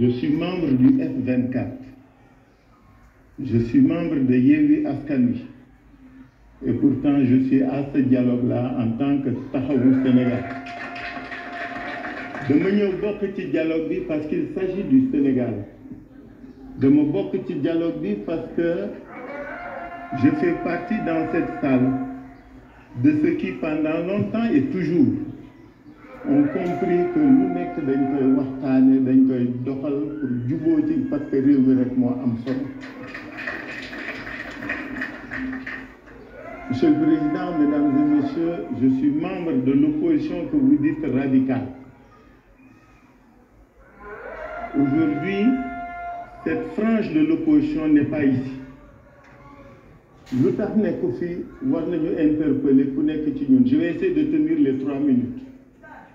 Je suis membre du F24. Je suis membre de Yewi Askani. Et pourtant, je suis à ce dialogue-là en tant que Tahawou Sénégal. De mon beau petit dialogue parce qu'il s'agit du Sénégal de mon beau petit dialogue parce que je fais partie dans cette salle de ce qui pendant longtemps et toujours ont compris que nous nekk pas gens qui dañ koy doxal pour juboo parce que Monsieur le Président, Mesdames et Messieurs, je suis membre de l'opposition que vous dites radicale. Aujourd'hui, cette frange de l'opposition n'est pas ici. Je vais essayer de tenir les trois minutes.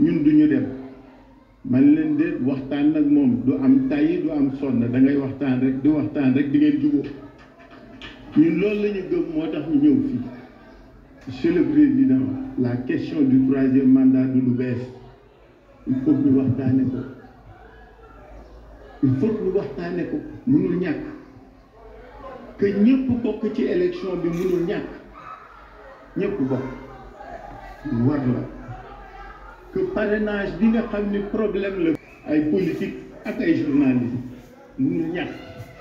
ñun duñu dem man leen déet waxtaan nag moom du am tàyyi du am sonn da ngay waxtaan rek di waxtaan rek di ngeen jubóo ñun loolu la ñu gëm moo tax ñu ñëw fii monsieur le président la question du troisième mandat du lu bees il faut ñu waxtaane ko il faut ñu waxtaane ko mënul ñàkk que ñëpp bokk ci élection bi mënul ñàkk ñëpp bokk war la que parrainage bi nga xam ni problème la ay politique ak ay journaliste munu ñàkk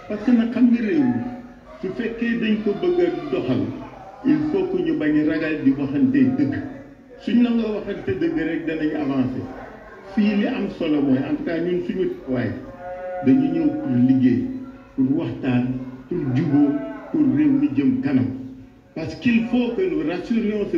parce que nag xam nga réew mi su fekkee dañ ko bëgg a doxal il faut que ñu bañ ragal di waxante dëgg suñ la nga waxante dëgg rek danañ avancer fii li am solo mooy en tout cas ñun suñu waaye dañu ñëw pour liggéey pour waxtaan pour juboo pour réew mi jëm kanam parce qu'il faut que nous rassurions ce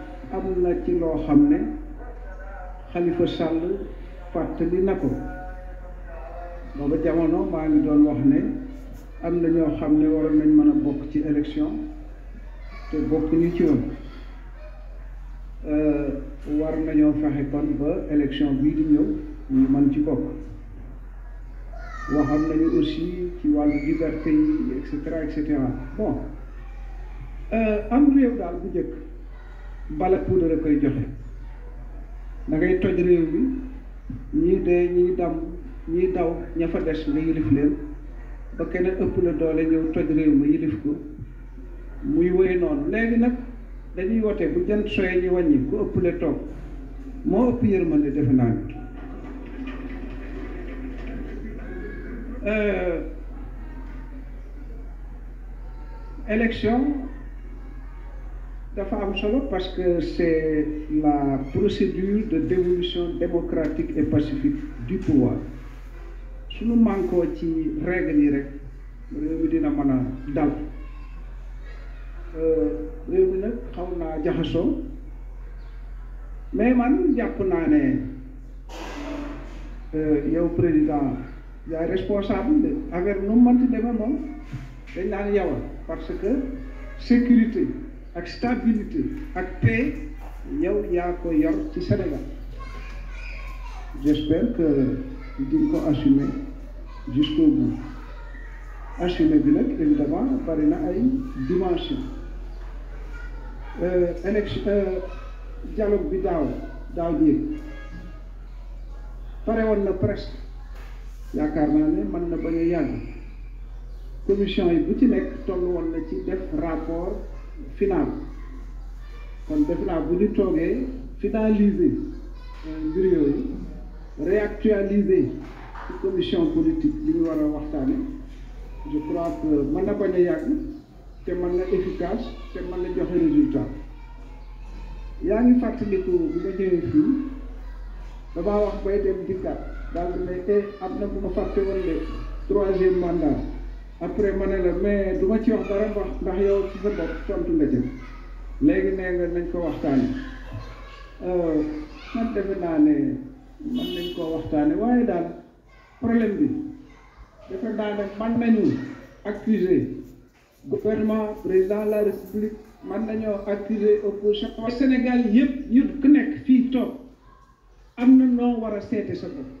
am na ci loo xam ne xalifa sàll fàttali na ko booba jamono maa ngi doon wax ne am na ñoo xam ne waroon nañ mën a bokk ci élection te bokk ñu ci woon euh, war nañoo fexe kon ba élection bii di ñëw ñu mën ci bokk waxam nañu aussi ci wàll liberté yi et cetera bon euh, am réew daal bu njëkk bala poudre koy joxe da ngay toj réew mi ñii dee ñii dam ñii daw ña fa des nga yilif leen ba keneen ëpp la doole ñëw toj réew ma yilif ko muy wéy noonu léegi nag dañuy woote bu jant soye ñu wàññi ku ëpp la toog moo ëpp yërmande defe naa ni euh, élection dafa am solo parce que c'est la procédure de dévolution démocratique et pacifique du pouvoir suñu mànkoo ci règle yi rek réew mi dina mën a dal euh, réew mi nag xaw naa jaxasoo mais man jàpp naa ne euh, yow président yaay responsable de affaire nu mu mënti demee moom dañ naan yow parce que sécurité ak stabilité ak paix yow yaa ko yor ci Sénégal j'espère que di nga ko assumer jusqu'au bout assumer bi nag évidemment bari na ay dimension euh, élection euh, dialogue bi daaw daaw bi pare woon na presque yaakaar naa ne mën na bañ a yàgg commission yi bu ci nekk toll woon na ci def rapport final kon defe naa bu ñu toogee finaliser euh, mbir yooyu réactualiser ci commission politique li ñu war a waxtaane je crois que mën na bañ a yàgg te mën na efficace te mën na joxe résultat yaa ngi fàttaliku bi ma ñëwee fii damaa wax bay dem dikkaat daal di ne eh, am na bu ma fàtte woon de troisième mandat après ma ne la mais du ma ci wax dara wax ndax yow ci sa bopp tontu nga jëm léegi nee nga nañ ko waxtaane euh, man defe ne man nañ ko waxtaane waaye daal problème bi defe naa ne man nañu accuser gouvernement président la république man nañoo accuser opposition Sénégal yëpp yëpp ku nekk fii toog am na noo war a seete sa bopp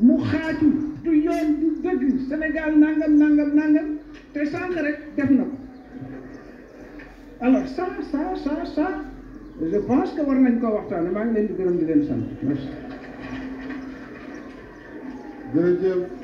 mu xaaju du yoon du dëgg Sénégal nangam nangam nangam te sànq rek def na ko alors ça ça ça ça je pense que war nañ koo waxtaane maa ngi leen di gërëm di leen sant merci